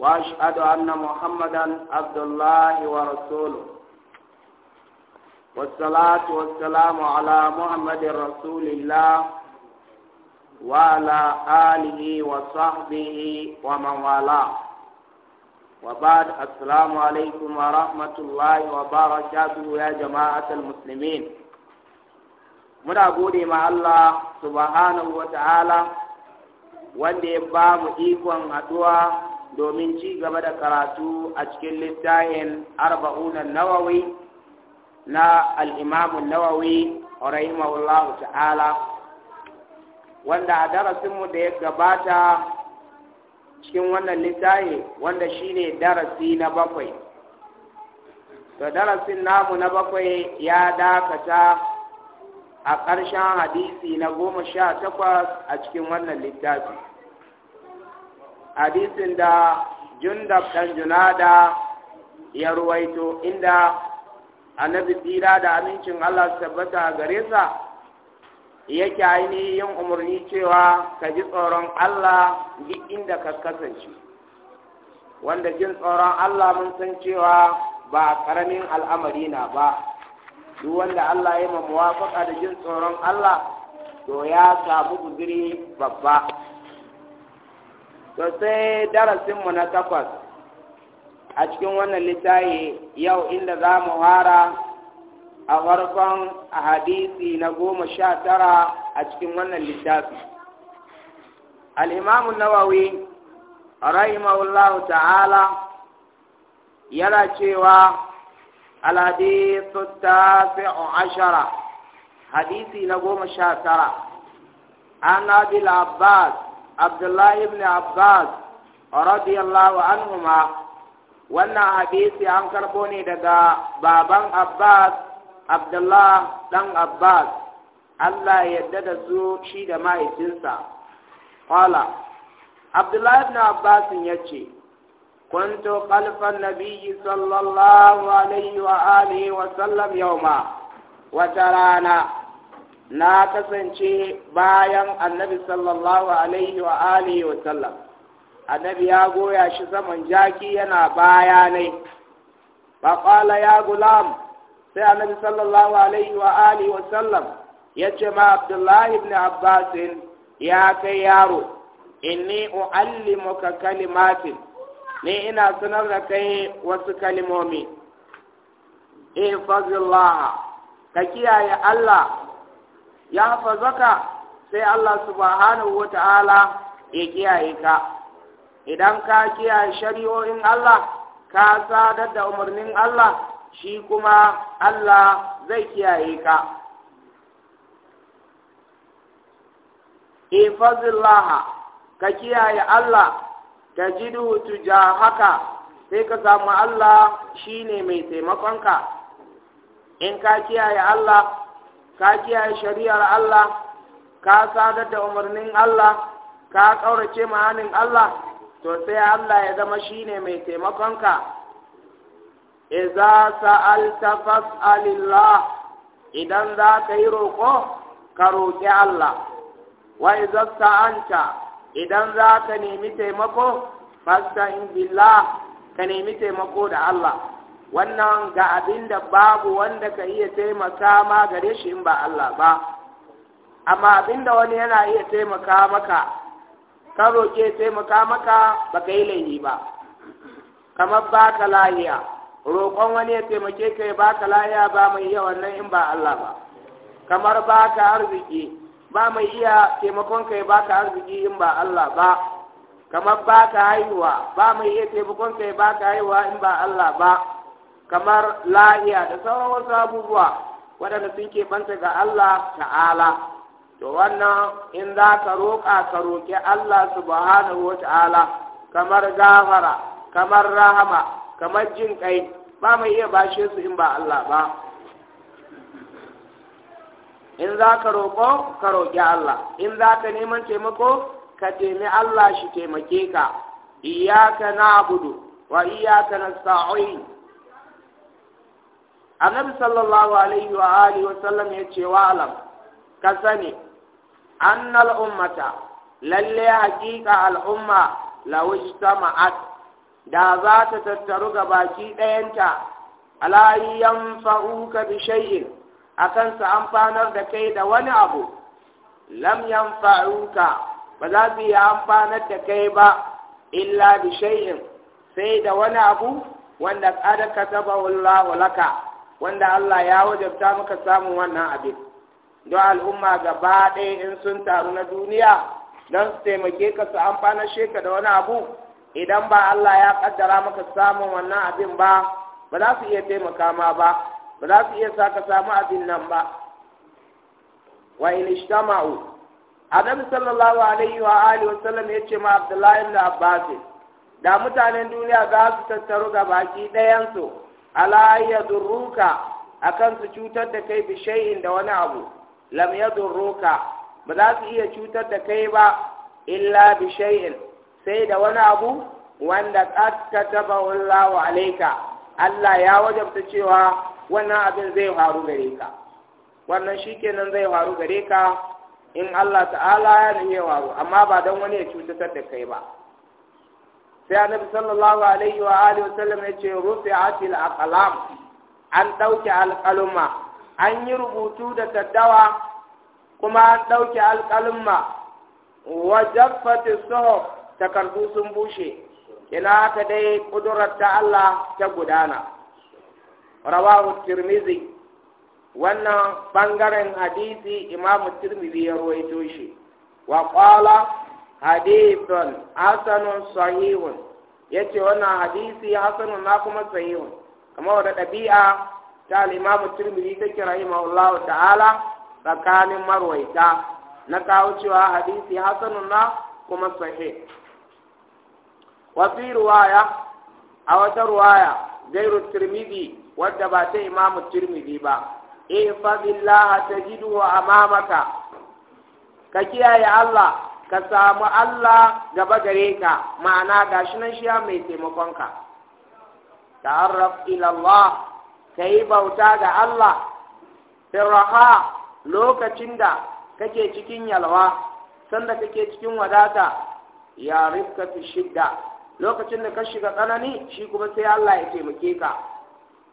وأشهد أن محمدا عبد الله ورسوله والصلاة والسلام على محمد رسول الله وعلى آله وصحبه ومن والاه وبعد السلام عليكم ورحمة الله وبركاته يا جماعة المسلمين من gode مع الله سبحانه وتعالى ta'ala wanda مؤيكم ba domin ci gaba da karatu a cikin littafin arba'unan nawawi na al'imamun nawawi rahimahullahu ta'ala wanda a darasinmu da ya gabata cikin wannan littafi wanda shi ne darasi na bakwai da darasin namu na bakwai ya dakata a ƙarshen hadisi na goma sha takwas a cikin wannan littafi hadisin da jundab ɗan junada ya ruwaito inda annabi tsira da amincin Allah su tabbata gare sa yake ainihin umarni cewa ka ji tsoron Allah duk inda ka kasance wanda jin tsoron Allah mun san cewa ba karamin al'amari na ba duk wanda Allah ya yi mamuwafaka da jin tsoron Allah to ya samu guziri babba to sai darasinmu na takwas a cikin wannan littafi yau inda za mu hara a farkon a hadisi na goma sha tara a cikin wannan littafi al'imamun nawawi rahimahullahu ta'ala yana cewa alhadisu ta ashara hadisi na goma sha tara an abil abbas abdullahi ibn abbas radiyallahu anhuma wannan hadisi an karɓo ne daga baban abbas abdullah dan abbas allah yadda da su shi da mahaifinsa kwala abdullahi ibn abbas ya ce كنت خلف النبي صلى الله عليه وآله وسلم يوما وترانا na kasance bayan annabi sallallahu alaihi wa alihi wa sallam annabi ya goya shi zaman jaki yana bayanai faƙala ya gulam sai annabi sallallahu alaihi wa alihi wa sallam ya ce ma abdullahi ibn abbas ya kai yaro inni uallimuka kalimatin ne ina sanar da kai wasu kalimomi ihfazillaha ka kiyaye Allah ya fazaka sai Allah subhanahu wa ta'ala ya kiyaye ka idan ka kiyaye shari'o'in Allah ka sadar da umarnin Allah shi kuma Allah zai kiyaye ka ifazillaha ka kiyaye Allah ta jidu tujahaka sai ka samu Allah shine mai taimakon ka in ka kiyaye Allah ka kiyaye shari'ar Allah ka sadar da umarnin Allah ka ƙaurace ma'anin Allah to sai Allah ya zama shine mai taimakonka idza sa'alta fas'alillah idan za ka yi roƙo ka roƙi Allah wa idza sa'anta idan za ka nemi taimako fasta'in billah ka nemi taimako da Allah wannan ga abin da babu wanda ka iya taimaka ma gare shi in ba Allah ba amma abin da wani yana iya taimaka maka ka roƙe taimaka maka ba ka yi laifi ba kamar ba ka lahiya roƙon wani ya taimake ka ya ba ka lahiya ba mai iya wannan in ba Allah ba kamar ba ka arziki ba mai iya taimakon ka ya ba ka arziki in ba Allah ba kamar ba ka haihuwa ba mai iya taimakon ka ya ba ka haihuwa in ba Allah ba kamar lahiya da sauran wasu abubuwa waɗanda sun keɓanta ga Allah ta'ala to wannan in za ka roƙa ka roƙi Allah subhanahu wa ta'ala kamar gafara kamar rahama kamar jin kai ba mai iya bashe su in ba Allah ba in za ka roƙo ka roƙi Allah in za ka neman taimako ka taimi Allah shi taimake ka iyaka na'budu wa iyaka nasta'in annabi sallallahu alaihi wa alihi wa sallam ya ce wa alam ka sani annal ummata lalle haƙiƙa al'umma lawistama'at da za ta tattaru ga baki ɗayanta alayiyan fa'uka bi shay'in akan su amfanar da kai da wani abu lam yanfa'uka ba za su yi amfanar da kai ba illa bi shay'in sai da wani abu wanda kada kataba wallahu laka wanda Allah ya wajabta maka samun wannan abin don al'umma gaba ɗaya in sun taru na duniya don su taimake ka su amfana sheka da wani abu idan ba Allah ya kaddara maka samun wannan abin ba ba za su iya taimaka ma ba ba za su iya sa ka samu abin nan ba wa in ishtama'u Adam sallallahu alaihi wa alihi wa sallam ya ce ma Abdullahi ibn Abbas da mutanen duniya za su tattaru ga baki ɗayan su ala yadurruka akan su cutar da kai shay'in da wani abu lam yadurruka ba za su iya cutar da kai ba illa shay'in sai da wani abu wanda qad taba Allahu alayka Allah ya wajabta cewa wannan abin zai faru gare ka wannan shikenan zai faru gare ka in Allah ta'ala ya nemi faru amma ba don wani ya cutar da kai ba sai annabi sallallahu alaihi wa alihi wasallam ya ce rufi'atil aqlam an dauke alqalma an yi rubutu da taddawa kuma an dauke alqalma wa jaffati suhuf takardu sun bushe ina ka dai kudurar ta Allah ta gudana rawahu tirmizi wannan bangaren hadisi imamu tirmizi ya ruwaito shi wa qala hadithun hasanun sahihun yace wannan hadisi hasanun na kuma sahihun kamar wadda ɗabi'a ta limamu turmiri ta kira imamullahu ta'ala tsakanin marwaita na kawo cewa hadisi hasanun na kuma sahih wafi ruwaya a wata ruwaya gairu turmiri wadda ba ta imamu turmiri ba ta a amamaka ka kiyaye Allah ka samu Allah gaba gare ka ma'ana shi nan shi mai taimakonka ta'arraf ila Allah kai bauta ga Allah raha lokacin da kake cikin yalwa sanda kake cikin wadata ya rifka fi shidda lokacin da ka shiga tsanani shi kuma sai Allah ya taimake ka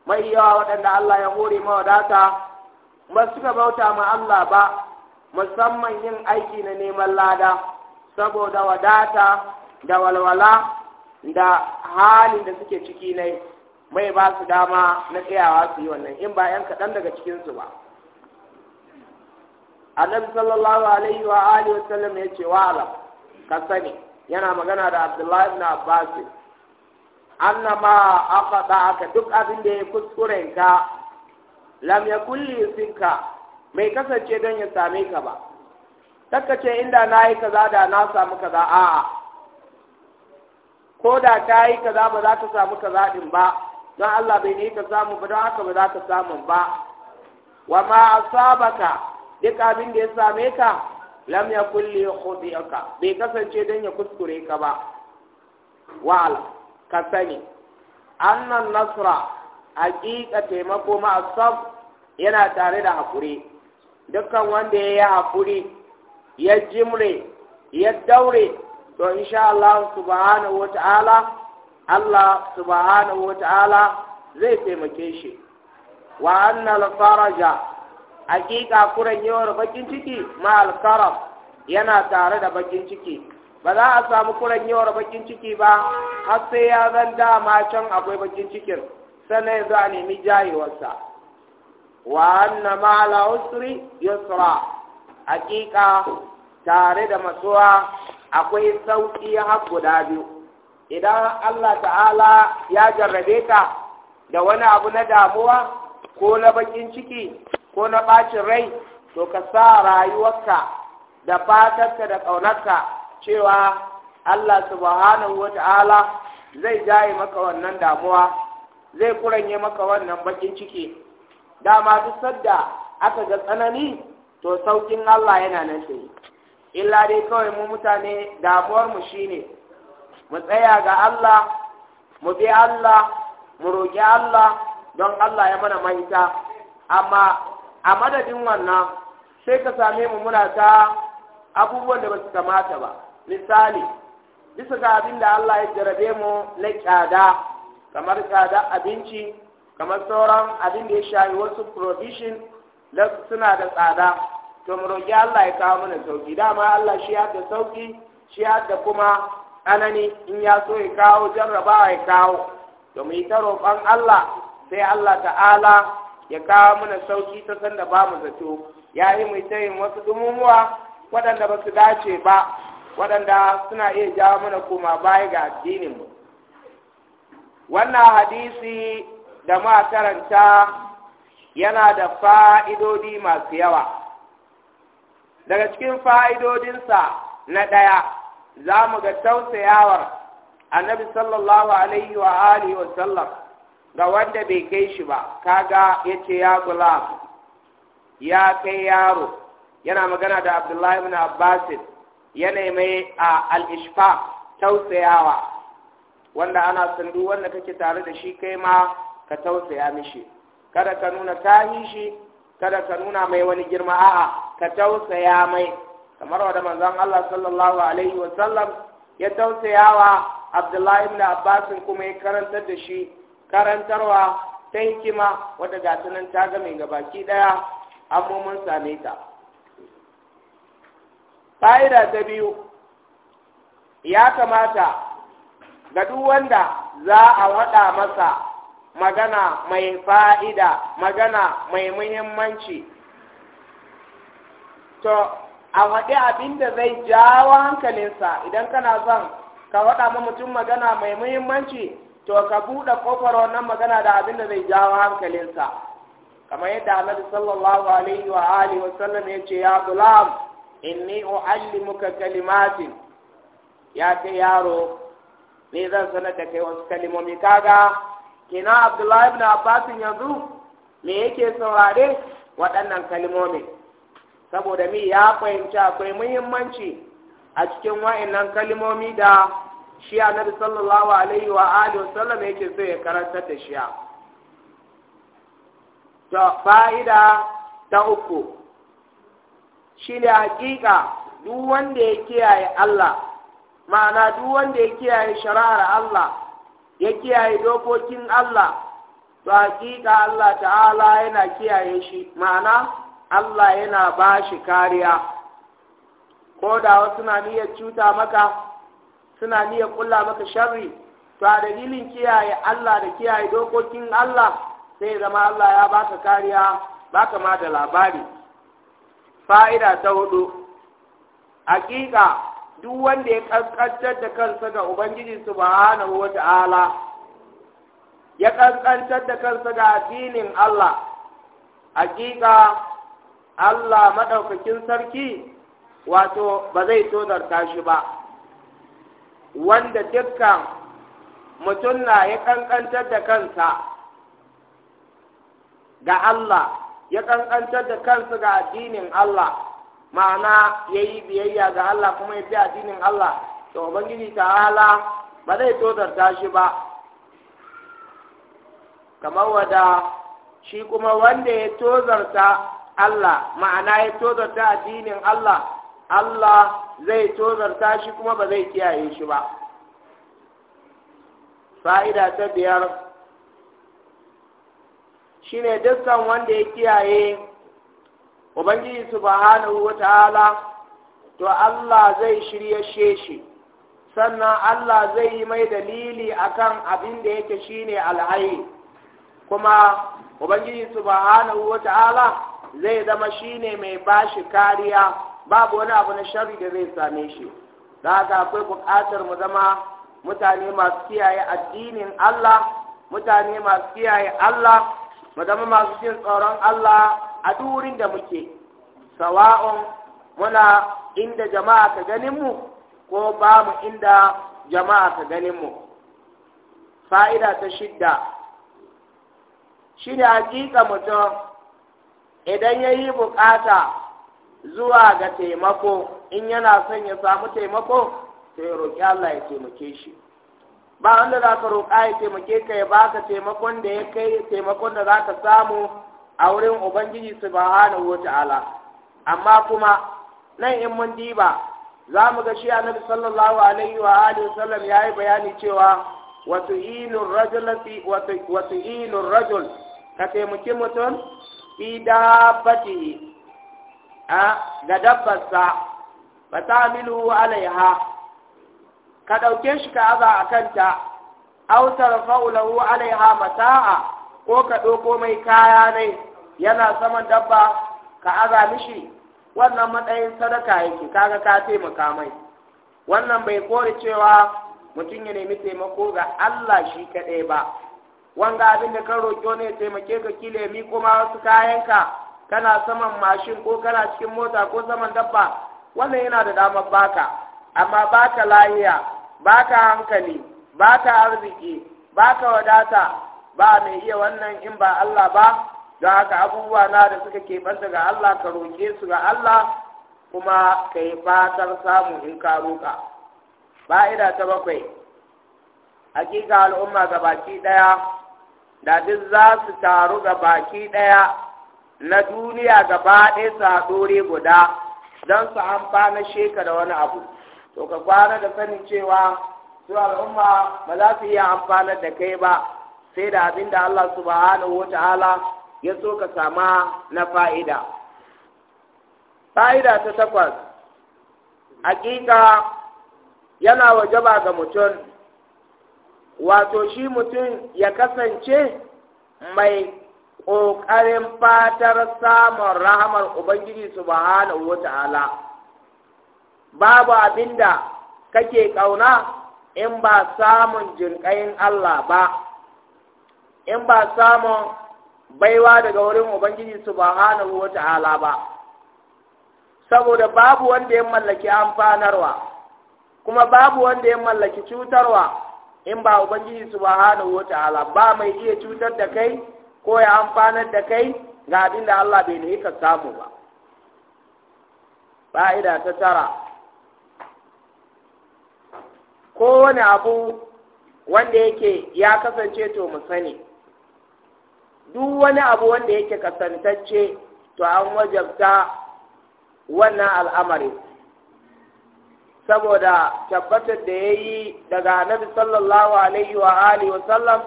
mai yawa waɗanda Allah ya hore mawadata ba suka bauta ma Allah ba musamman yin aiki na neman lada saboda wadata da walwala da halin da suke ciki ne mai ba su dama na tsayawa su yi wannan in ba 'yan kaɗan daga cikinsu ba annabi sallallahu alaihi wa alihi wa sallam ya ce wa ala ka sani yana magana da abdullahi ibn abbas annama da aka duk abin da ya kuskure ka lam yakulli sinka bai kasance don ya same ka ba takkace inda na yi kaza da na samu kaza a'a ko da ka yi kaza ba za ka samu kaza din ba don Allah bai ne ka samu ba don haka ba za ka samu ba wa ma asabaka duk abin da ya same ka lam yakul li khudiyaka bai kasance don ya kuskure ka ba wa'ala ka sani annan nasra haƙiƙa taimako ma asab yana tare da haƙuri dukkan wanda ya yi haƙuri ya jimre ya daure to insha Allah subhanahu ta'ala Allah subhanahu ta'ala zai taimake shi wa annal faraja hakika kuran yawar bakin ciki ma al-karam yana tare da bakin ciki ba za a samu kuran yawar bakin ciki ba har sai ya zanta ma can akwai bakin cikin sannan ya zo a nemi jayewarsa wa anna ma'al usri yusra hakika tare da matsuwa akwai sauki har guda biyu idan Allah ta'ala ya jarrabe ka da wani abu na damuwa ko na bakin ciki ko na bacin rai to ka sa rayuwarka da fatarka da ƙaunarka cewa Allah subhanahu wa ta'ala zai jaye maka wannan damuwa zai kuranye maka wannan bakin ciki dama duk sadda aka ga tsanani to saukin Allah yana nan sai illa dai kawai mu mutane damuwar mu shine mu tsaya ga Allah mu bi Allah mu roƙi Allah don Allah ya mana mahita amma a madadin wannan sai ka same mu muna ta abubuwan da ba su kamata ba misali bisa ga abin da Allah ya jarabe mu na kyada kamar kyada abinci kamar sauran abin da ya shafi wasu provision suna da tsada to mu roki Allah ya kawo mana sauki dama Allah shi ya da sauki shi ya da kuma tsanani in ya so ya kawo jarrabawa ya kawo to mu yi ta roƙon Allah sai Allah ta'ala ya kawo mana sauki ta sanda ba mu zato ya yi mu ta yin wasu dumumuwa waɗanda ba su dace ba waɗanda suna iya jawo mana koma baya ga addinin mu wannan hadisi da ma karanta yana da fa'idodi masu yawa daga cikin fa'idodinsa na ɗaya za mu ga tausayawar annabi sallallahu alaihi wa alihi wa sallam ga wanda bai kai shi ba kaga ya ce ya gula ya kai yaro yana magana da abdullahi bin abbasin yana mai a al'ishfa tausayawa wanda ana sandu wanda kake tare da shi kai ma ka tausaya mishi kada ka nuna tahi shi kada ka nuna mai wani girma a'a ka tausaya mai kamar wanda manzon Allah sallallahu alaihi wa sallam ya tausayawa Abdullahi ibn Abbas kuma ya karantar da shi karantarwa ta hikima wadda ga tunan ta ga mai gabaki daya amma mun same ta fa'ida ta biyu ya kamata ga duk wanda za a waɗa masa magana mai fa'ida magana mai muhimmanci to a waɗe abin da zai jawo hankalinsa idan kana zan ka waɗa ma mutum magana mai muhimmanci to ka buɗe ƙofar wannan magana da abin da zai jawo hankalinsa kamar yadda annabi sallallahu alaihi wa alihi wa sallam ya ce ya gulam inni uallimuka kalimatin ya kai yaro ne zan sanar da kai wasu kalimomi kaga Kina abdullahi ibn abbas yanzu me yake saurare waɗannan kalmomin saboda mi ya fahimci akwai muhimmanci a cikin wa'annan kalmomi da shi annabi sallallahu alaihi wa alihi wasallam yake so ya karanta da shi to fa'ida ta uku shi ne hakika duk wanda ya kiyaye Allah ma'ana duk wanda ya kiyaye shari'ar Allah ya kiyaye dokokin Allah to hakika Allah ta'ala yana kiyaye shi ma'ana Allah yana ba shi kariya ko da wasu na niyyar cuta maka suna niyyar kula maka sharri to a dalilin kiyaye Allah da kiyaye dokokin Allah sai zama Allah ya baka kariya baka ma da labari fa'ida ta hudu hakika duk wanda ya ƙanƙantar da kansa ga Ubangiji subhanahu wa ta'ala, ya kankantar da kansa ga addinin Allah, hakika Allah maɗaukakin sarki wato ba zai tozarta shi ba, wanda dukkan mutum na ya kankantar da kansa ga Allah, ya ƙanƙantar da kansa ga addinin Allah. ma'ana ya yi biyayya ga Allah kuma ya fi addinin Allah to ubangiji ta'ala ba zai tozarta shi ba kamar wada shi kuma wanda ya tozarta Allah ma'ana ya tozarta addinin Allah Allah zai tozarta shi kuma ba zai kiyaye shi ba fa'ida ta biyar shine dukkan wanda ya kiyaye ubangiji subhanahu wataala to Allah zai shirye shi sannan Allah zai yi mai dalili akan abin da yake shine alhayi kuma ubangiji subhanahu wataala zai zama shine mai bashi kariya babu wani abu na sharri da zai same shi da haka akwai buƙatar mu zama mutane masu kiyaye addinin Allah mutane masu kiyaye Allah mu masu jin tsoron Allah a durin da muke sawa'un muna inda jama'a ka ganin mu ko ba mu inda jama'a ka ganin fa'ida ta shidda shi ne hakika mutum idan ya yi bukata zuwa ga taimako in yana son ya samu taimako to ya roƙi Allah ya taimake shi ba wanda za ka roƙa ya taimake ka ya baka taimakon da ya kai taimakon da za ka samu a wurin ubangiji su ba hana wata ala amma kuma nan in mun diba za mu ga shi annabi sallallahu alaihi wa alihi wasallam yi bayani cewa wasu inun rajul fi inun rajul ka taimaki mutum fi dabbatihi a ga dabbarsa ba ta milu alaiha ka ɗauke shi ka aza a kanta autar fa'ulahu alaiha mata'a ko ka ɗauko mai kaya ne yana saman dabba ka aza mishi wannan matsayin sadaka yake kaga ka taimaka mai wannan bai kore cewa mutum ya nemi taimako ga Allah shi kaɗai ba wanga abin da kan roƙo ne taimake ka kile mi kuma wasu kayanka kana saman mashin ko kana cikin mota ko saman dabba wannan yana da damar baka amma baka lahiya baka hankali baka arziki baka wadata ba mai iya wannan in ba Allah ba za haka abubuwa na da suka keɓanta ga Allah ka roƙe su ga Allah kuma ka yi fatar samu in ka roƙa ba'ida ta bakwai hakika al'umma ga baki ɗaya da duk za su taru ga baki ɗaya na duniya gaba ɗaya su haɗore guda don su amfana sheka da wani abu to ka kwana da sanin cewa su al'umma ba za su iya amfanar da kai ba sai da abin da Allah subhanahu wa ta'ala ya so ka sama na fa'ida fa'ida ta takwas hakika yana waje ba ga mutum wato shi mutum ya kasance mai ƙoƙarin fatar samun rahamar ubangiji subhanahu wa ta'ala babu abinda kake ƙauna in ba samun jinƙayin Allah ba in ba samun baiwa daga wurin ubangiji subhanahu wa ta'ala ba saboda babu wanda ya mallaki amfanarwa kuma babu wanda ya mallaki cutarwa in ba ubangiji subhanahu wa ta'ala ba mai iya cutar da kai ko ya amfanar da kai ga abin da Allah bai ne ka samu ba fa'ida ta tara kowane abu wanda yake ya kasance to mu sani duk wani abu wanda yake kasantacce to an wajabta wannan al'amari saboda tabbatar da ya yi daga Anabi sallallahu alaihi wa alihi wa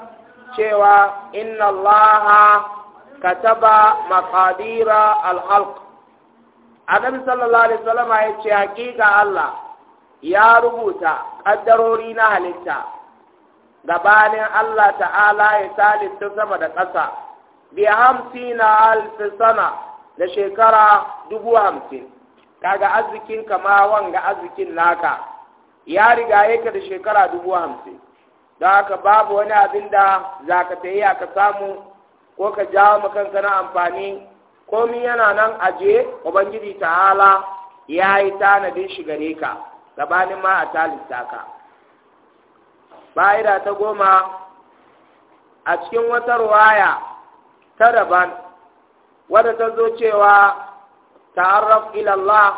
cewa inna allaha kataba makadira al annabi sallallahu alaihi wa ya ce hakika Allah ya rubuta ƙaddarori na halitta gabanin Allah ta'ala ya salitta sama da ƙasa bi hamsina na sana da shekara dubu hamsin kaga arzikin kama wanga arzikin naka ya riga yake da shekara dubu hamsin da haka babu wani abin da za ka yi ka samu ko ka jawo kanka na amfani komi yana nan aje ubangiji hala ya yi tanadin shi gare ka gabanin ma a talista ka ba'ida ta goma a cikin wata ruwaya ta daban wadda ta zo cewa ta'arraf ila Allah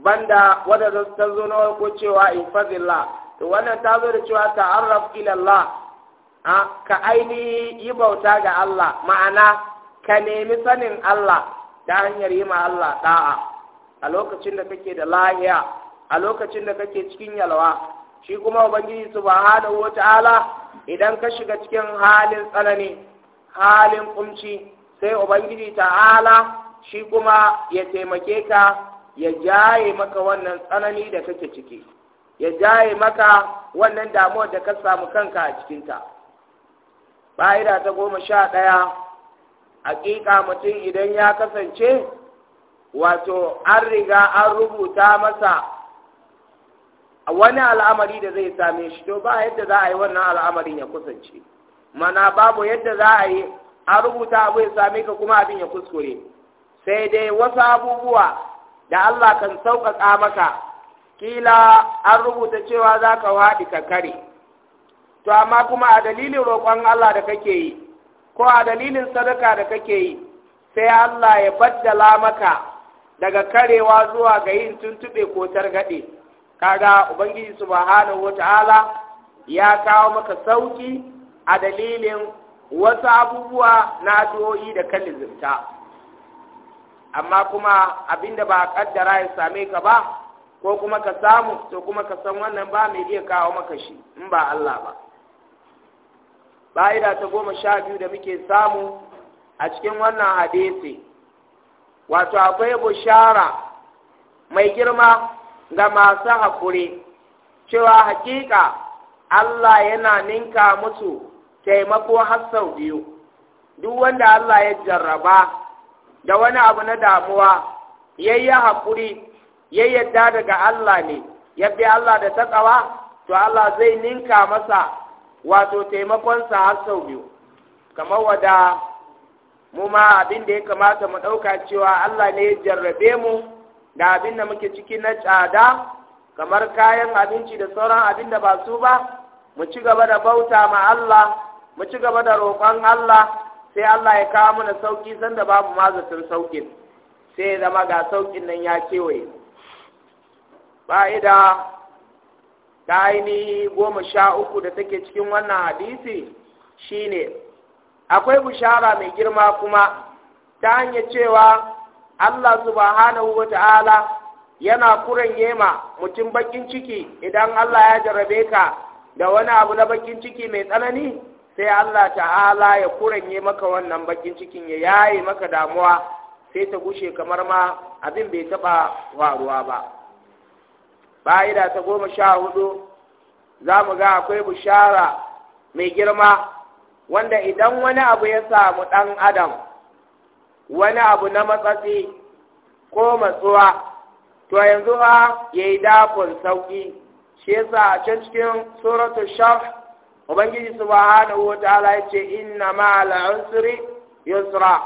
banda wadda ta zo na ko cewa infazillah to wannan ta zo da cewa ta'arraf ila Allah ka ainihi yi bauta ga Allah ma'ana ka nemi sanin Allah ta hanyar yi ma Allah da'a a lokacin da kake da lahiya a lokacin da kake cikin yalwa shi kuma ubangiji subhanahu wata'ala idan ka shiga cikin halin tsanani halin kunci sai ubangiji ta'ala shi kuma ya taimake ka ya jaye maka wannan tsanani da kake ciki ya jaye maka wannan damuwar da ka samu kanka a cikinta ba'ida ta goma sha ɗaya hakika mutum idan ya kasance wato an riga an rubuta masa wani al'amari da zai same shi to ba yadda za a yi wannan al'amarin ya kusance mana babu yadda za a yi a rubuta abu ya same ka kuma abin ya kuskure sai dai wasu abubuwa da Allah kan sauƙaƙa maka kila an rubuta cewa za ka waɗi ka kare to amma kuma a dalilin roƙon Allah da kake yi ko a dalilin sadaka da kake yi sai Allah ya baddala maka daga karewa zuwa ga yin tuntuɓe ko targaɗe kaga ubangiji subhanahu wata'ala ya kawo maka sauki a dalilin wasu abubuwa na addu'o'i da kan lizimta amma kuma abinda ba a kaddara ya same ka ba ko kuma ka samu to kuma ka san wannan ba mai iya kawo maka shi in ba Allah ba ba'ida ta goma sha biyu da muke samu a cikin wannan hadisi wato akwai bushara mai girma ga masu hakuri cewa hakika Allah yana ninka musu taimako har sau biyu duk wanda Allah ya jarraba da wani abu na damuwa yi haƙuri ya yadda daga Allah ne ya bi Allah da taƙawa to Allah zai ninka masa wato taimakonsa har sau biyu kamar wada mu ma abin da ya kamata mu ɗauka cewa Allah ne ya jarrabe mu Da abin da muke ciki na tsada kamar kayan abinci da sauran abin da ba su ba mu ci gaba da bauta ma Allah mu ci gaba da roƙon Allah sai Allah ya kawo mana sauki sanda babu mazatin saukin sai ya zama ga saukin nan ya kewaye fa'ida ta ainihi goma sha uku da take cikin wannan hadisi shine akwai bishara mai girma kuma ta hanyar cewa Allah subhanahu wa ta'ala yana kuren yema mutum bakin ciki idan Allah ya jarabe ka da wani abu na bakin ciki mai tsanani sai Allah ta'ala ya kuranye maka wannan bakin cikin ya yaye maka damuwa sai ta gushe kamar ma abin bai taɓa faruwa ba baida ta goma sha hudu za mu ga akwai bushara mai girma wanda idan wani abu ya samu ɗan adam wani abu na matsatsi ko matsuwa to yanzu ha yi dafin sauƙi, shi yasa a can cikin suratul shaf ubangiji su subhanahu wataala yace inna ma'ala usri yusra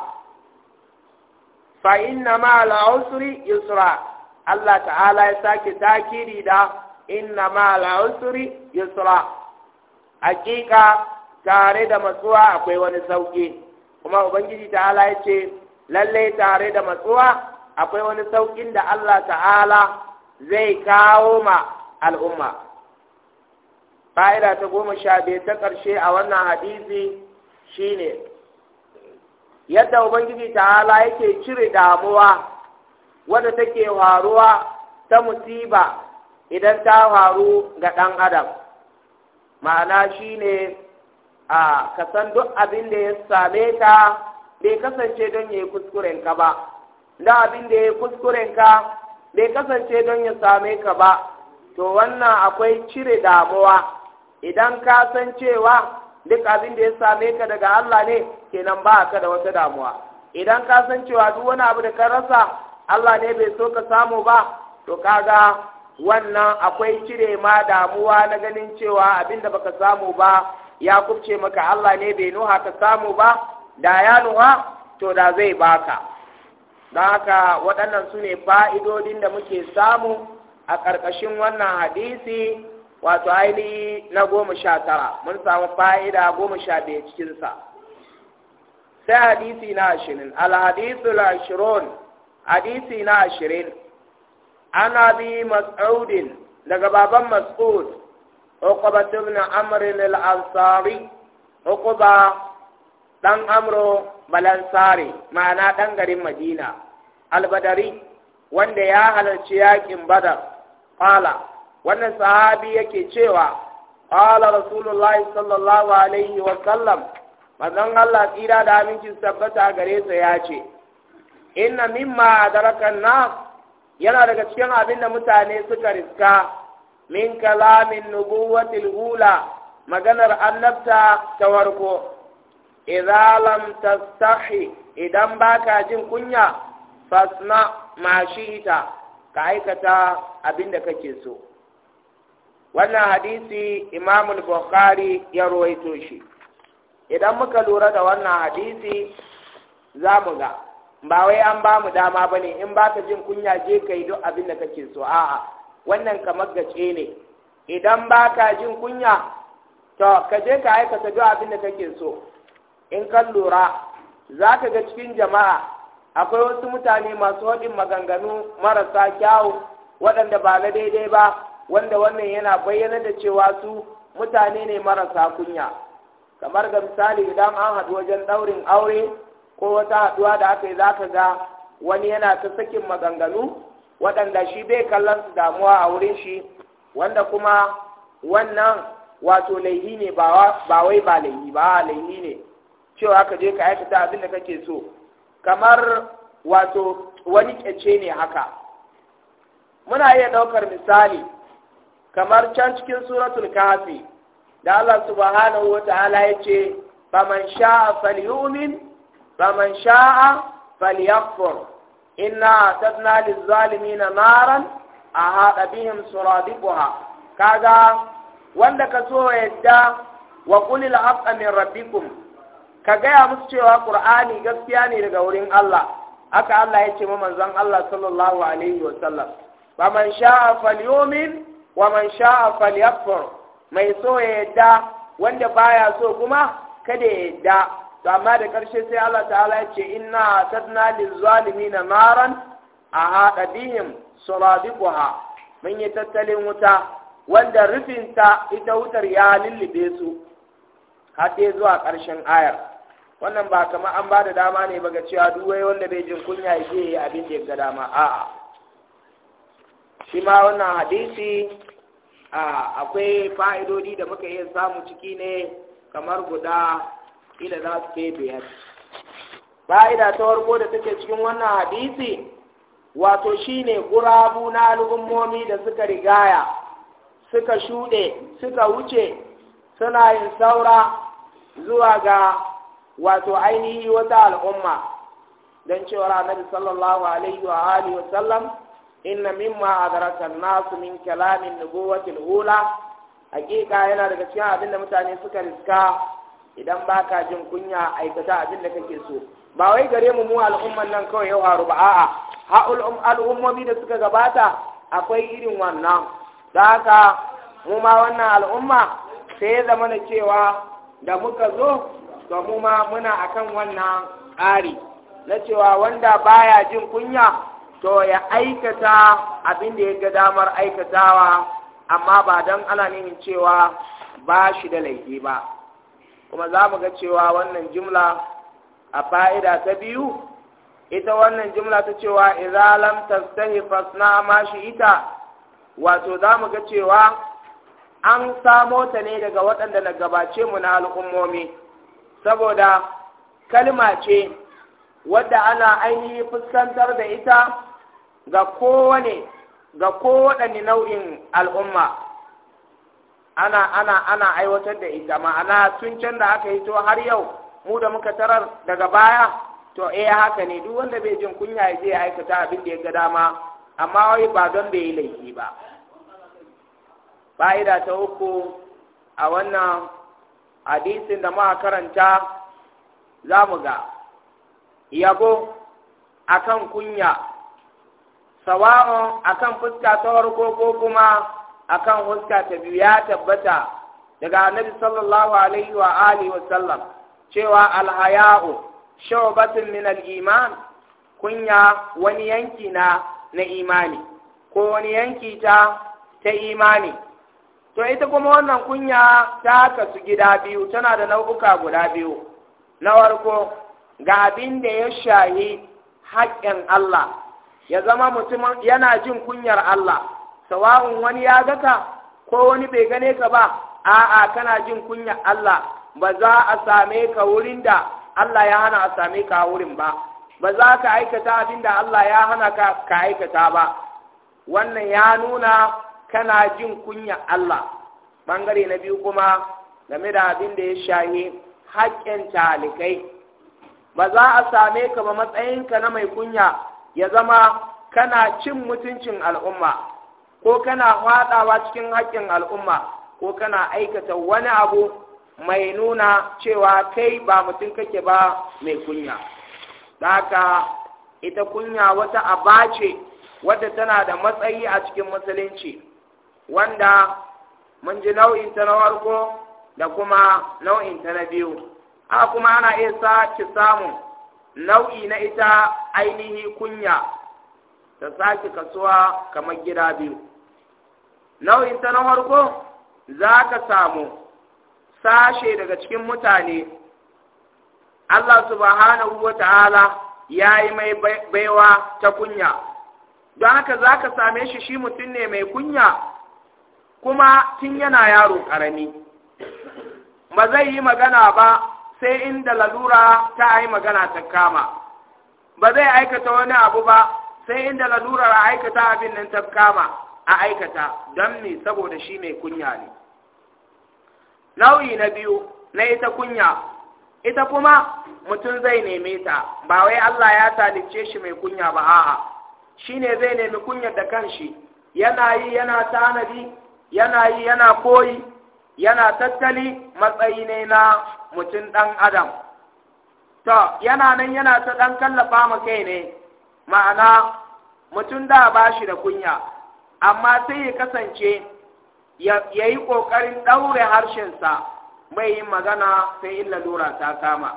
fa inna ma'ala usri yusra Allah ta'ala ya sake takiri da inna ma'ala usri yusra hakika tare da matsuwa akwai wani sauƙi, kuma ubangiji ta'ala ce. lalle tare da matsuwa akwai wani saukin da Allah ta'ala zai kawo ma al'umma fa'ida ta goma sha biyu ta ƙarshe a wannan hadisi shine yadda ubangiji ta'ala yake cire damuwa wadda take faruwa ta musiba idan ta faru ga ɗan adam ma'ana shine a kasan duk abin da ya same ta bai kasance don ya yi kuskuren ka ba da abin da ya yi kuskuren ka bai kasance don ya same ka ba to wannan akwai cire damuwa idan ka san cewa duk abin da ya same ka daga Allah ne kenan ba ka da wata damuwa idan ka san cewa duk wani abu da ka rasa Allah ne bai so ka samu ba to kaga wannan akwai cire ma damuwa na ganin cewa abin da baka samu ba ya kubce maka Allah ne bai nuha ka samu ba da ya nuna to da zai baka don haka waɗannan su ne fa'idodin da muke samu a ƙarƙashin wannan hadisi wato ainihi na goma sha tara mun samu fa'ida goma sha biyar cikinsa sai hadisi na ashirin alhadisu shiron hadisi na ashirin ana bi mas'udin daga baban mas'ud uqba ibn amr al-ansari uqba ɗan amro balansari ma'ana ɗan garin madina albadari wanda ya halarci yakin badar ƙala wannan sahabi yake cewa ƙala rasulullahi sallallahu alaihi wasallam mazan allah tsira da amincin tabbata gare sa ya ce inna mimma darakan nas yana daga cikin abin da mutane suka riska min kalamin nubuwatil hula maganar annabta ta warko idza lam tastahi idan baka jin kunya fasna ma shi shi'ita ka aikata abinda kake so wannan hadisi Imam al-Bukhari ya rawaito shi idan muka lura da wannan hadisi za mu ga ba wai an ba mu dama ba ne in baka jin kunya je ka yi duk abin da kake so a'a wannan kamar gace ne idan baka jin kunya to ka je ka aikata duk abin da kake so in kan lura za ka ga cikin jama'a akwai wasu mutane masu haɗin maganganu marasa kyawu waɗanda ba na daidai ba wanda wannan yana bayyana da cewa su mutane ne marasa kunya kamar ga misali idan an haɗu wajen ɗaurin aure ko wata haɗuwa da aka yi za ka ga wani yana ta sakin maganganu waɗanda shi bai kallon su damuwa a wurin shi wanda kuma wannan wato laihi ne ba wai ba laihi ba laihi ne cewa ka je ka aikata abin da kake so kamar wato wani kyace ne haka muna iya ɗaukar misali kamar can cikin suratul kafi da Allah subhanahu wa ta'ala ya ce faman sha'a falyumin faman sha'a falyakfur inna tadna lizzalimina naran ahada bihim suradiquha kaga wanda ka so yadda wa qulil haqqa min rabbikum ka gaya musu cewa qur'ani gaskiya ne daga wurin Allah aka Allah ya ce ma manzon Allah sallallahu alaihi wa sallam wa man sha'a falyumin wa man sha'a falyakfur mai so ya yadda wanda baya so kuma kada ya yadda to amma da karshe sai Allah ta'ala ya ce inna tadna zalimina naran ahada bihim suradiquha mun yi tattalin wuta wanda rufinta ita wutar ya lullube su har zuwa ƙarshen ayar wannan ba kamar an ba da dama ne ba ga cewa duk wanda bai jin kunya ya je abin da ya ga dama a'a shi ma wannan hadisi akwai fa'idodi da muka iya samu ciki ne kamar guda ila za su ke biyar fa'ida ta warko da take cikin wannan hadisi wato shine gurabu na al'ummomi da suka rigaya suka shuɗe suka wuce suna yin saura zuwa ga wato ainihi wata al'umma don cewa annabi sallallahu alaihi wa alihi wa sallam inna mimma adraka an-nasu min kalamin nubuwati al-ula hakika yana daga cikin abin da mutane suka riska idan baka jin kunya aikata abin da kake so ba wai gare mu mu al'umman nan kawai yau haru ba a'a ha al'ummomi da suka gabata akwai irin wannan da haka mu ma wannan al'umma sai ya zama na cewa da muka zo to mu ma muna akan wannan ƙari na cewa wanda baya jin kunya to ya aikata abin da ya ga damar aikatawa amma ba don ana nihin cewa ba shi da laifi ba kuma za mu ga cewa wannan jimla a fa'ida ta biyu ita wannan jimla ta cewa idza lam tastahi fasna ma shi ita wato za mu ga cewa an samo ta ne daga waɗanda na gabace mu na al'ummomi saboda kalma ce wadda ana ainihi fuskantar da ita ga kowane ga kowane nau'in al'umma ana ana ana aiwatar da ita ma'ana tun can da aka yi to har yau mu da muka tarar daga baya to eh haka ne duk wanda bai jin kunya ya je aikata abin da ya ga dama amma wai ba don bai yi laifi ba fa'ida ta uku a wannan hadisin da muka karanta za mu ga yabo akan kunya a akan fuska ta farko ko kuma akan fuska ta biyu ya tabbata daga annabi sallallahu alaihi wa alihi wa sallam cewa alhaya'u shawbatun min al-iman kunya wani yanki na na imani ko wani yanki ta ta imani to ita kuma wannan kunya ta kasu gida biyu tana da nau'uka guda biyu na farko ga abin da ya shahi haƙƙin Allah ya zama mutum yana jin kunyar Allah sawa'un wani ya ga ka ko wani bai gane ka ba a'a kana jin kunyar Allah ba za a same ka wurin da Allah ya hana a same ka wurin ba ba za ka aikata abin da Allah ya hana ka ka aikata ba wannan ya nuna kana jin kunya Allah bangare na biyu kuma game da abin da ya shahi haƙƙin talikai ba za a same ka ba matsayinka na mai kunya ya zama kana cin mutuncin al'umma ko kana faɗawa cikin haƙƙin al'umma ko kana aikata wani abu mai nuna cewa kai ba mutum kake ba mai kunya haka ita kunya wata aba ce wadda tana da matsayi a cikin musulunci wanda mun ji nau'in ta na farko da kuma nau'in ta na biyu haka kuma ana iya sake samun nau'i na ita ainihi kunya ta sake kasuwa kamar gida biyu nau'in ta na farko za ka samu sashe daga cikin mutane Allah subhanahu wa ta'ala ya yi mai baiwa ta kunya don haka za ka same shi shi mutum ne mai kunya kuma tun yana yaro ƙarami ba zai yi magana ba sai inda lalura ta yi magana ta kama ba zai aikata wani abu ba sai inda lalurar a aikata abin nan ta kama a aikata don ne saboda shi mai kunya ne nau'i na biyu na ita kunya ita kuma mutum zai neme ta ba wai Allah ya talice shi mai kunya ba a'a ne zai nemi kunyar da kanshi yana yi yana tanadi yana yi yana koyi yana tattali matsayi ne na mutum ɗan adam to yana nan yana ta ɗan kallafa ma kai ne ma'ana mutum da ba shi da kunya amma sai ya kasance ya yi ƙoƙarin ɗaure harshensa mai yin magana sai illa lura ta kama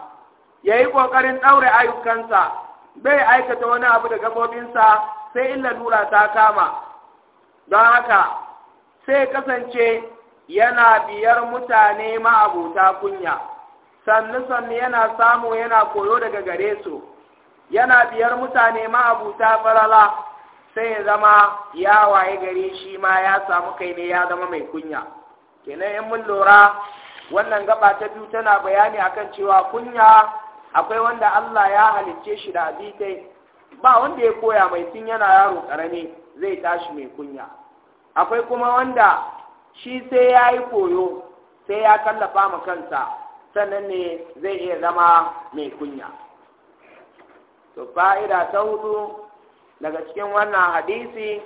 ya yi ƙoƙarin ɗaure ayyukansa bai aikata wani abu da gabobinsa sai illa lura ta kama don haka sai kasance yana biyar mutane ma'abuta kunya sannu sannu yana samu yana koyo daga gare su yana biyar mutane ma'abuta farala sai ya zama ya waye gari shi ma ya samu kai ne ya zama mai kunya kenan in mun lura wannan gaba ta biyu tana bayani akan cewa kunya akwai wanda Allah ya halicce shi da abitai ba wanda ya koya mai tun yana yaro ƙarami zai tashi mai kunya akwai kuma wanda shi sai ya yi koyo sai ya kallafa ma kansa sannan ne zai iya zama mai kunya to fa'ida ta hudu daga cikin wannan hadisi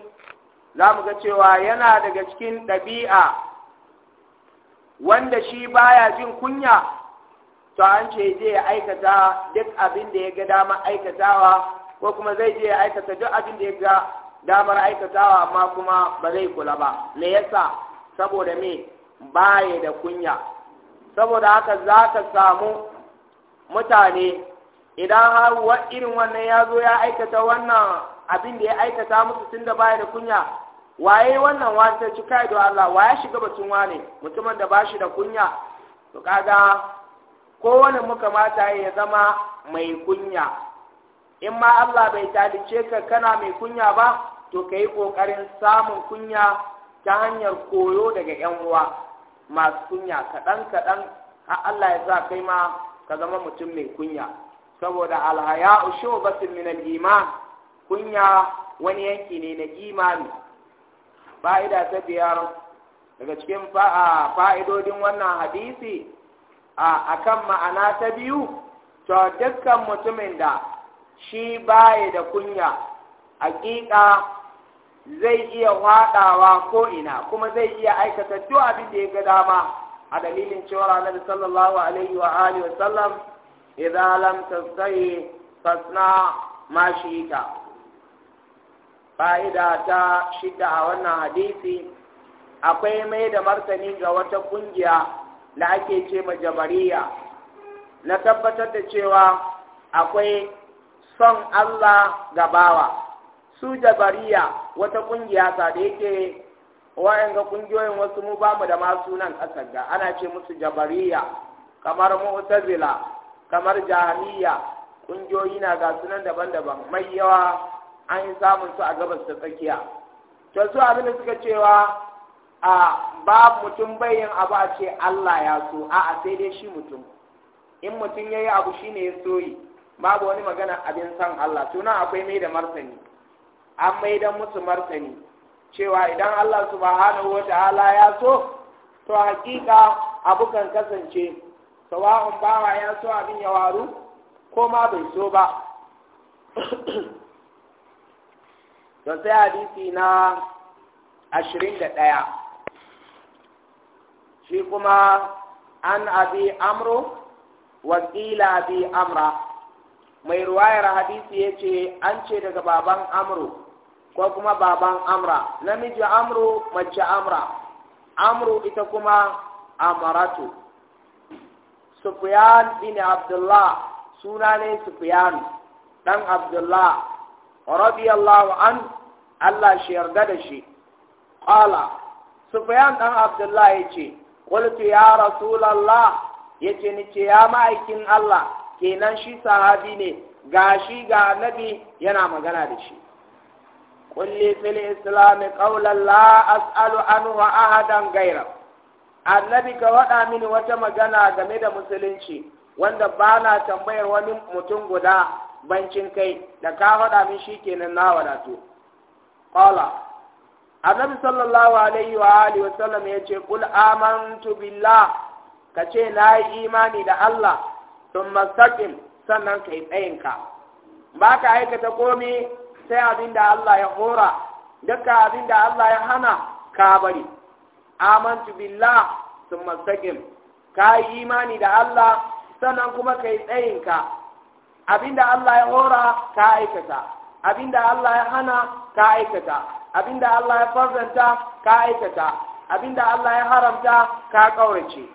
za mu ga cewa yana daga cikin ɗabi'a wanda shi baya jin kunya to an ce zai aikata duk abin da ya ga dama aikatawa ko kuma zai je ya aikata duk abin da ya ga damar aikatawa amma kuma ba zai kula ba me yasa saboda me baya da kunya saboda haka za ka samu mutane idan har wa irin wannan ya zo ya aikata wannan abin da ya aikata musu tun da baya da kunya waye wannan wata ci kai da Allah waye shiga batun wane mutumin da bashi da kunya to kaga kowane mu kamata ya zama mai kunya in ma Allah bai talice ka kana mai kunya ba to ka yi ƙoƙarin samun kunya ta hanyar koyo daga 'yan uwa masu kunya kaɗan-kaɗan har Allah ya sa kai ma ka zama mutum mai kunya saboda alhaya usho basin minal iman kunya wani yanki ne na imani fa'ida ta biyar daga cikin fa'idodin wannan hadisi a kan ma'ana ta biyu to dukkan mutumin da shi baya da kunya hakika zai iya waɗawa ko ina kuma zai iya aikata duk abin da ya ga dama a dalilin cewa annabi sallallahu alaihi wa alihi wa sallam idza lam tastahi fasna ma shi'ita fa'ida ta shida a wannan hadisi akwai mai da martani ga wata kungiya da ake ce jabariya na tabbatar da cewa akwai son Allah bawa. su jabariya wata kungiya ta da yake wa'yan ga kungiyoyin wasu mu ba mu da ma sunan ƙasar ga ana ce musu jabariya kamar mu'tazila kamar jahiliya kungiyoyi na ga sunan daban-daban mai yawa an yi samun su a gabas ta tsakiya to su abin da suka cewa a ba mutum bayin abu a ce Allah ya so a a sai dai shi mutum in mutum yayi abu shine ya soyi babu wani magana abin san Allah to akwai mai da martani an mai da musu martani cewa idan Allah subhanahu wa ta'ala ya so to hakika abu kan kasance sawa'un bawa ya so abin ya waru ko ma bai so ba don sai hadisi na ashirin da ɗaya shi kuma an abi amro wakila abi amra mai ruwayar hadisi ya ce an ce daga baban amro ko kuma baban amra namiji amru mace amra amru ita kuma amaratu sufyan bin abdullah suna ne sufyan dan abdullah radiyallahu an Allah shi yarda da shi qala sufyan dan abdullah yace qultu ya rasulullah yace ni ce ya ma'aikin Allah kenan shi sahabi ne gashi ga nabi yana magana da shi قل لي في الإسلام قولا لا أسأل عنه أحدا غيره annabi ka waɗa mini wata magana game da musulunci wanda ba na tambayar wani mutum guda bancin kai da ka waɗa min shi kenan na wadatu qala annabi sallallahu alaihi wa alihi wa sallam ce, qul amantu billah kace na yi imani da Allah thumma saqim sannan kai tsayinka ba ka aikata komi? sai abinda da Allah ya hora duka abinda da Allah ya hana ka bari amantu billah sun ka imani da Allah sannan kuma ka yi tsayinka abinda Allah ya hora ka aikata abinda Allah ya hana ka aikata abinda Allah ya farzanta ka aikata abinda Allah ya haramta ka ƙaurace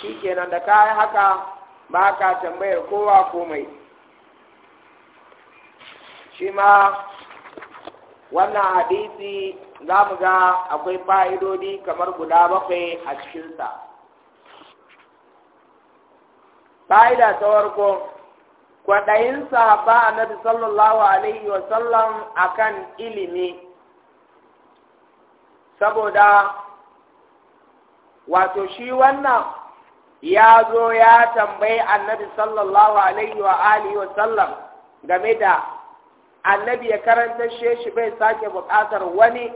shi kenan da ka haka ba ka tambayar kowa komai shi ma wannan hadisi za mu ga akwai fa'idodi kamar guda bakwai a cikinsa fa'ida ta warko kwaɗayin sahaba annabi sallallahu alaihi wasallam kan ilimi saboda wato shi wannan ya zo ya tambayi annabi sallallahu alaihi wa alihi wa sallam game da annabi ya karanta shi bai sake buƙatar wani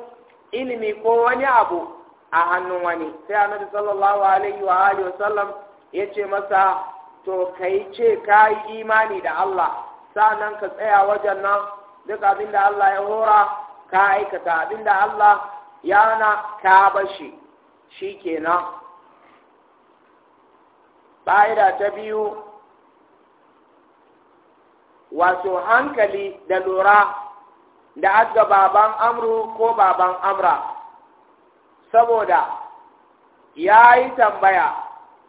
ilimi ko wani abu a hannun wani sai annabi sallallahu alaihi wa alihi wa ya ce masa to kai ce ka yi imani da Allah nan ka tsaya wajen nan duk abin da Allah ya hora ka aikata abin da Allah ya na ka bashi shikenan fa'ida ta biyu wato hankali da lura da aga baban amru ko baban amra saboda ya yi tambaya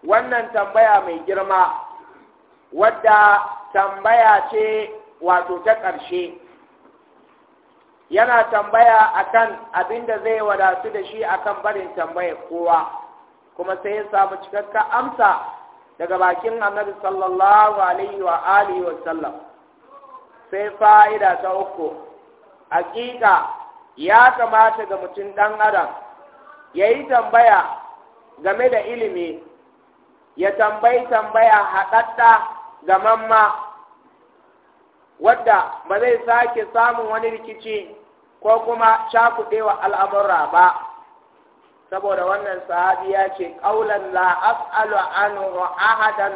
wannan tambaya mai girma wadda tambaya ce wato ta ƙarshe yana tambaya akan abin da zai wadatu da shi akan barin tambayar kowa kuma sai ya samu cikakken amsa daga bakin annabi sallallahu alaihi wa alihi wa sallam sai fa'ida ta uku hakika ya kamata ga mutum ɗan adam ya yi tambaya game da ilimi ya tambayi tambaya haɗaɗɗa ga mamma wadda ba zai sake samun wani rikici ko kuma cakuɗewa al'amurra ba saboda wannan sahabi ya ce ƙaunar la as'alu anhu ahadan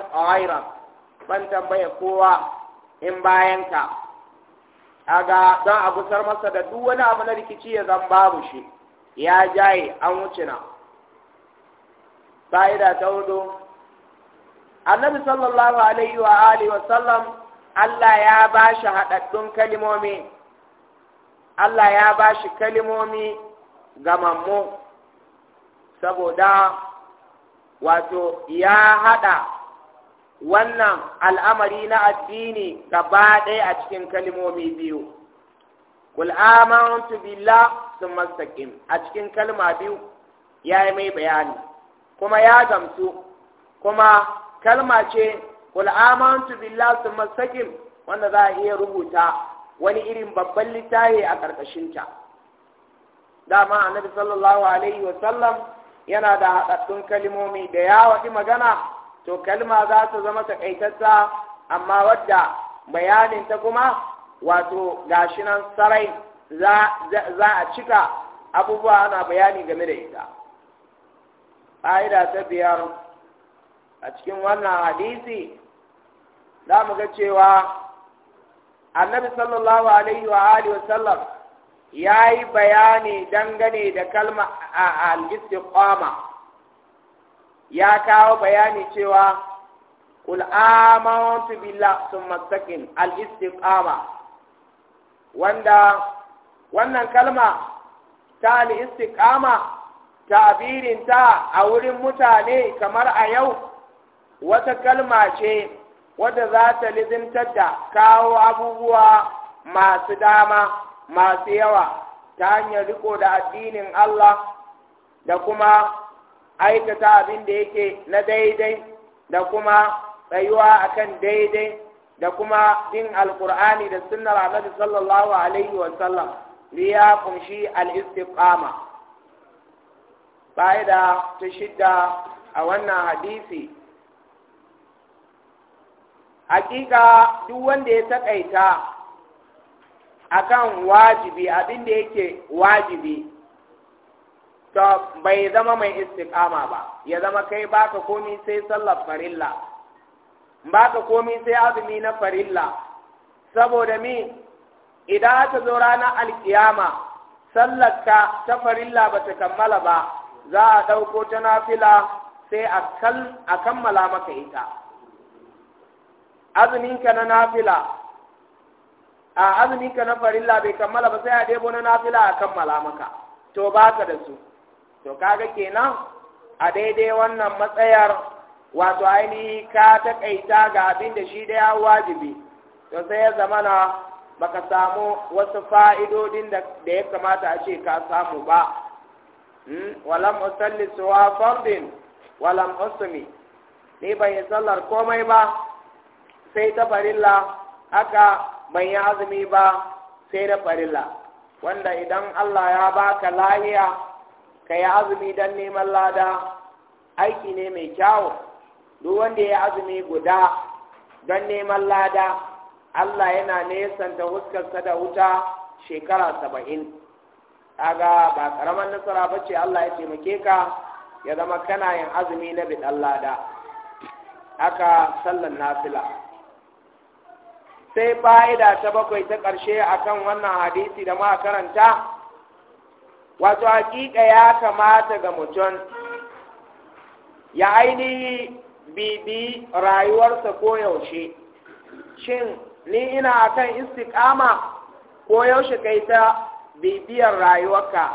ban tambaya kowa in bayanta aga don a gusar masa da duk wani abu na rikici ya zan babu shi ya jaye an wuce na fa'ida ta hudu annabi sallallahu alaihi wa alihi wa sallam Allah ya ba shi haɗaɗɗun kalimomi Allah ya kalimomi saboda wato ya haɗa wannan al'amari na addini gaba ɗaya a cikin kalmomi biyu kul amantu billah sun mastaƙim a cikin kalma biyu ya yi mai bayani kuma ya gamsu kuma kalma ce kul amantu billah sun mastaƙin wanda za a iya rubuta wani irin babban littafi a ƙarƙashinta dama annabi sallallahu alaihi wasallam yana da haɗaɗɗun kalmomi da ya waɗi magana to kalma za ta zama takaitacca amma wadda bayanin ta kuma wato gashi nan sarai za a cika abubuwa ana bayani game da ita ƙa'ida ta biyar a cikin wannan hadisi za mu ga cewa annabi sallallahu alaihi wa alihi ya yi bayani dangane da kalma a al-istiqama ya kawo bayani cewa kul amantu billah thumma sakin al-istiqama wanda wannan kalma ta al-istiqama tabirin ta a wurin mutane kamar a yau wata kalma ce wadda za ta lizintar da kawo abubuwa masu dama masu yawa ta hanyar riko da addinin Allah da kuma aikata abin da yake na daidai da kuma tsayuwa akan daidai da kuma bin alkur'ani da sunnar annabi sallallahu alaihi wa sallam liya ya kunshi al-istiqama fa'ida ta shidda a wannan hadisi hakika duk wanda ya takaita akan wajibi abin da yake wajibi to bai zama mai istiqama ba ya zama kai baka komi sai sallar farilla baka komi sai azumi na farilla saboda mi idan aka zo ranar alkiyama ka ta farilla ba ta kammala ba za a ɗauko ta nafila sai a kammala maka ita azuminka na nafila a azuminka na farilla bai kammala ba sai a debo na nafila a kammala maka to baka da su to kaga kenan a daidai wannan matsayar wato ainihi ka taƙaita ga abin da shi da ya wajibi to sai ya zamana baka samu wasu fa'idodin da ya kamata a ce ka samu ba hmm? walam usalli suwa fardin walam Usumi, ni ban yi sallar komai ba sai ta farilla aka ban yi azumi ba sai da farilla wanda idan Allah ya baka lahiya ka yi azumi don neman lada aiki ne mai kyawu duk wanda ya azumi guda don neman lada Allah yana nesanta huskarsa da wuta shekara saba'in kaga ba karamar nasara ba ce Allah ya taimake ka ya zama kana yin azumi na bidan lada aka sallan nafila sai fa'ida ta bakwai ta ƙarshe akan wannan hadisi da ma karanta wato hakika ya kamata ga mutum ya ainihi bibi rayuwarsa ko yaushe shin ni ina akan istiqama ko yaushe kai ta bibiyar rayuwarka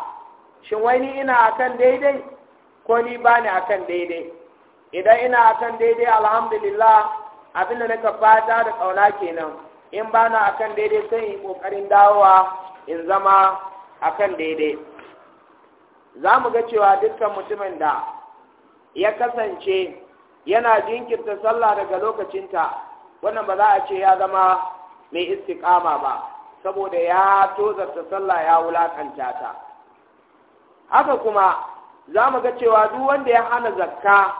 shin wai ni ina akan daidai ko ni ba ni akan daidai idan ina kan daidai alhamdulillah abinda ka fata da ƙauna kenan in ba na akan daidai sai yi ƙoƙarin dawowa in zama akan daidai za mu ga cewa dukkan mutumin da ya kasance yana jinkirta sallah daga lokacinta wannan ba za a ce ya zama mai istiƙama ba saboda ya tozarta sallah ya wulaƙanta ta haka kuma za mu ga cewa duk wanda ya hana zakka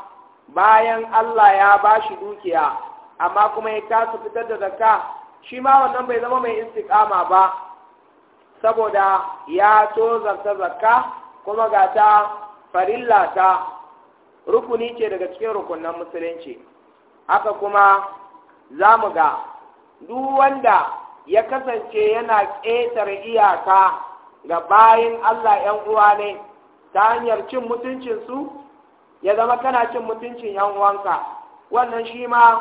bayan Allah ya ba shi dukiya amma kuma ya kasa fitar da zakka shi ma wannan bai zama mai istiƙama ba saboda ya tozarta zakka kuma ga ta farilla ta rukuni ce daga cikin rukunan musulunci haka kuma za mu ga duk wanda ya kasance yana ƙetare iyaka ga bayin Allah ‘yan uwa ne ta hanyar cin mutuncinsu ya zama kana cin mutuncin ‘yan uwanka wannan shi ma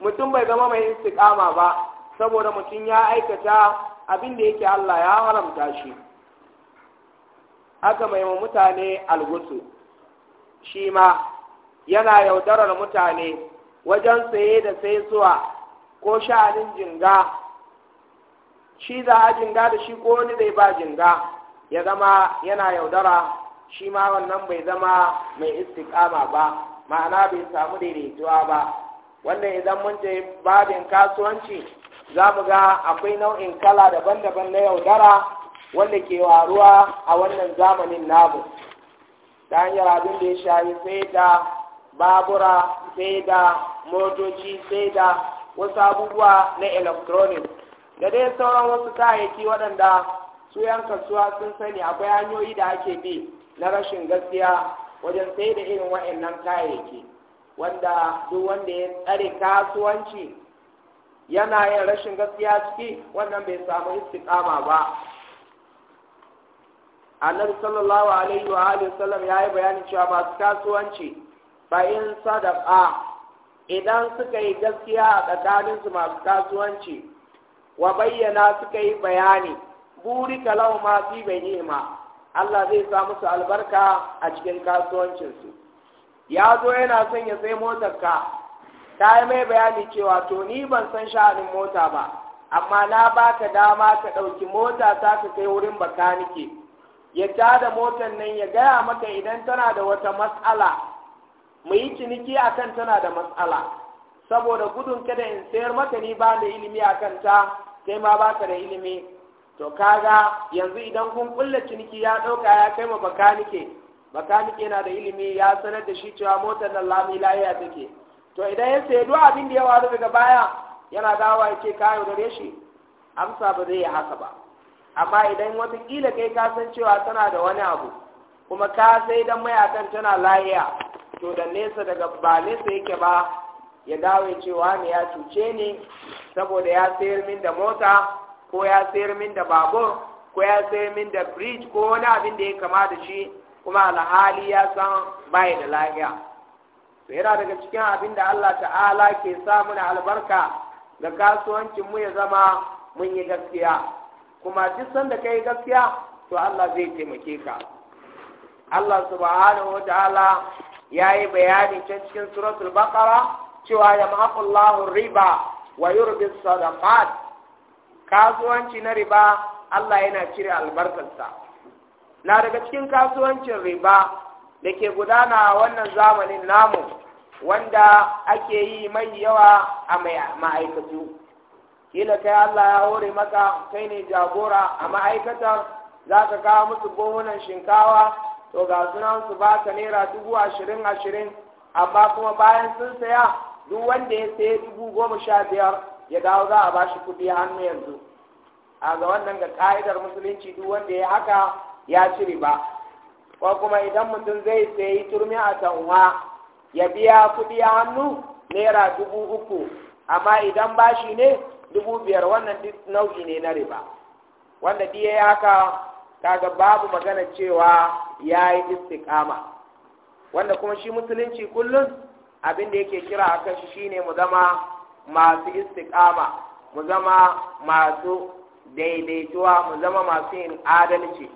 mutum bai zama mai istiƙama ba saboda mutum ya aikata abin da yake Allah ya haramta shi. haka mai mutane algusu shi ma yana yaudarar mutane wajen saye da sai zuwa ko sha'anin jinga shi za a jinga da shi ko wani zai ba jinga ya zama yana yaudara shi ma wannan bai zama mai istiƙama ba ma'ana bai samu daidaituwa ba wannan idan mun je babin kasuwanci za mu ga akwai nau'in kala daban-daban na yaudara wanda ke waruwa a wannan zamanin namu ta hanyar abin da ya shafi sai da babura sai da motoci sai da wasu abubuwa na electronic da dai sauran wasu kayayyaki waɗanda su yan kasuwa sun sani akwai hanyoyi da ake bi na rashin gaskiya wajen sai da irin wa'annan kayayyaki wanda duk wanda ya tsare kasuwanci yana yin rashin gaskiya ciki wannan bai samu istiƙama ba annabi sallallahu alaihi wa alihi sallam ya yi bayanin cewa masu kasuwanci fa in sadaqa idan suka yi gaskiya a tsakanin su masu kasuwanci wa bayyana suka yi bayani buri kalau ma fi ma. Allah zai sa musu albarka a cikin kasuwancinsu ya zo yana son ya sai motar ka ta yi mai bayani cewa to ni ban san sha'anin mota ba amma na baka dama ka ɗauki mota ta ka kai wurin bakanike ya ta da motar nan ya gaya maka idan tana da wata matsala mu yi ciniki akan tana da matsala saboda gudun kada in sayar maka ni ba da ilimi akan ta kai ma baka da ilimi to kaga yanzu idan kun kulla ciniki ya ɗauka ya kai ma bakanike bakanike na da ilimi ya sanar da shi cewa motar nan lami lahiya take to idan ya sayi duk abin da ya waru daga baya yana dawa ya ce kayo gare shi amsa ba zai yi haka ba amma idan kila kai ka san cewa tana da wani abu kuma ka sai dan mai akan tana lahiya to da nesa daga ba nesa yake ba ya dawo cewa ne ya cuce ni saboda ya sayar min da mota ko ya sayar min da babur ko ya sayar min da bridge ko wani abin da ya kama da shi kuma alhali ya san bai da lahiya to yana daga cikin abin da Allah ta'ala ke sa mana albarka ga kasuwancin mu ya zama mun yi gaskiya kuma duk sanda kai gaskiya to Allah zai taimake ka Allah subhanahu wa ta'ala yayi bayani can cikin suratul baqara cewa ya mahaqullahu riba wa yurbi sadaqat kasuwanci na riba Allah yana cire albarkarsa na daga cikin kasuwancin riba da ke gudana a wannan zamanin namu wanda ake yi mai yawa a ma'aikatu kila kai Allah ya hore maka kai ne jagora a ma'aikatar za ka kawo musu buhunan shinkawa to ga sunan su ba ka naira dubu ashirin ashirin amma kuma bayan sun saya duk wanda ya saye dubu goma sha biyar ya dawo za a ba shi kuɗi hannu yanzu a ga wannan ga ka'idar musulunci duk wanda ya haka ya ci riba ko kuma idan mutum zai sayi turmi a tanwa ya biya kuɗi hannu naira dubu uku amma idan bashi ne dubu biyar wannan duk nau'i ne na riba wanda diya ya haka kaga babu magana cewa ya yi istiƙama wanda kuma shi musulunci kullum abin da yake kira a kan shi shine mu zama masu istikama, mu zama masu daidaituwa mu zama masu yin adalci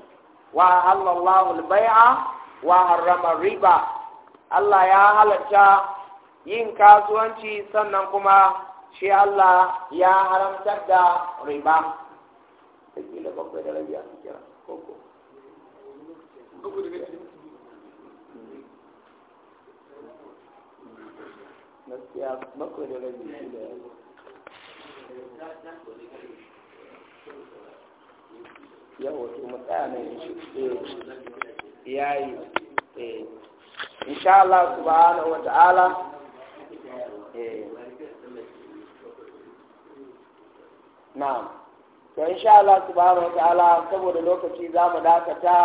wa halallahu albai'a wa harrama riba Allah ya halarta yin kasuwanci sannan kuma shi Allah ya haramtar da riba da kila da rabi a kira koko gaskiya bakwai da rabi shi da ne eh, eh. insha Allah subhanahu wa ta'ala eh. na'am to insha Allah subhanahu wa ta'ala saboda lokaci za mu dakata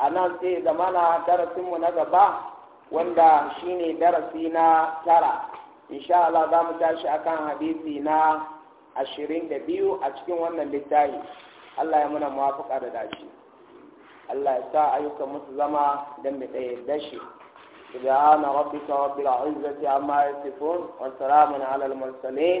a nan sai zamana darasinmu na gaba wanda shine darasi na tara insha Allah za mu tashi akan hadisi na ashirin da biyu a cikin wannan littafi Allah ya muna muwafuka da dashi Allah ya sa ayyukan musu zama don mu tsaye shi سبحان ربك رب العزة عما يصفون وسلام على المرسلين